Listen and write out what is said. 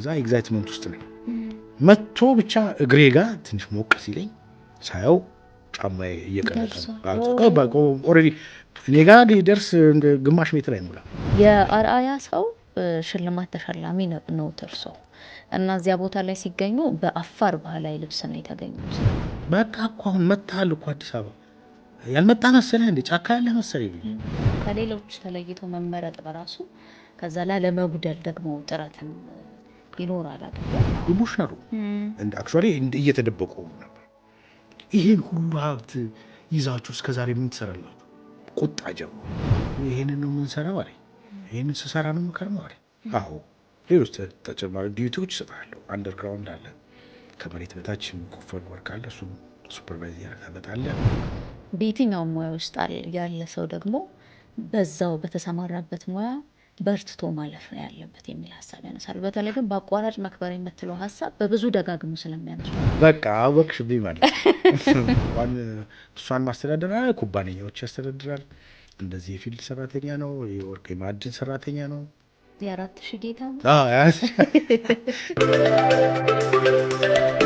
ከዛ ኤግዛይትመንት ውስጥ ነኝ። መጥቶ ብቻ እግሬ ጋ ትንሽ ሞቅ ሲለኝ ሳየው ጫማ እየቀነጠ ኦልሬዲ እኔ ጋር ሊደርስ ግማሽ ሜትር አይሞላ። የአርአያ ሰው ሽልማት ተሸላሚ ነው እርሶ እና እዚያ ቦታ ላይ ሲገኙ በአፋር ባህላዊ ልብስ ነው የተገኙት። በቃ እኮ አሁን መታል እኮ አዲስ አበባ ያልመጣ መሰለ እንዴ? ጫካ ያለ መሰለህ። ከሌሎች ተለይቶ መመረጥ በራሱ ከዛ ላይ ለመጉደል ደግሞ ጥረትን ይኖራል አይደል? ይቡሻሉ እንደ አክቹአሊ እየተደበቁ ነበር። ይሄን ሁሉ ሀብት ይዛችሁ እስከዛሬ ምን ትሰራላችሁ? ቁጣ ጀምሮ ይሄንን ነው የምንሰራው አለኝ። ይሄንን ስሰራ ነው የምከርመው አለኝ። አዎ ሌሎች ተጨማሪ ዲዩቲዎች ይሰጣሉ። አንደርግራውንድ አለ፣ ከመሬት በታች የሚቆፈር ወርቅ አለ። እሱ ሱፐርቫይዝ ያደረጋለ በየትኛውም ሙያ ውስጥ ያለ ሰው ደግሞ በዛው በተሰማራበት ሙያ በርትቶ ማለፍ ነው ያለበት የሚል ሀሳብ ያነሳሉ። በተለይ ግን በአቋራጭ መክበር የምትለው ሀሳብ በብዙ ደጋግሞ ስለሚያነሱ በቃ አወቅሽብኝ ማለት እሷን ማስተዳደር ኩባንያዎች ያስተዳድራል። እንደዚህ የፊልድ ሰራተኛ ነው፣ የወርቅ የማዕድን ሰራተኛ ነው፣ የአራት ሺህ ጌታ ነው።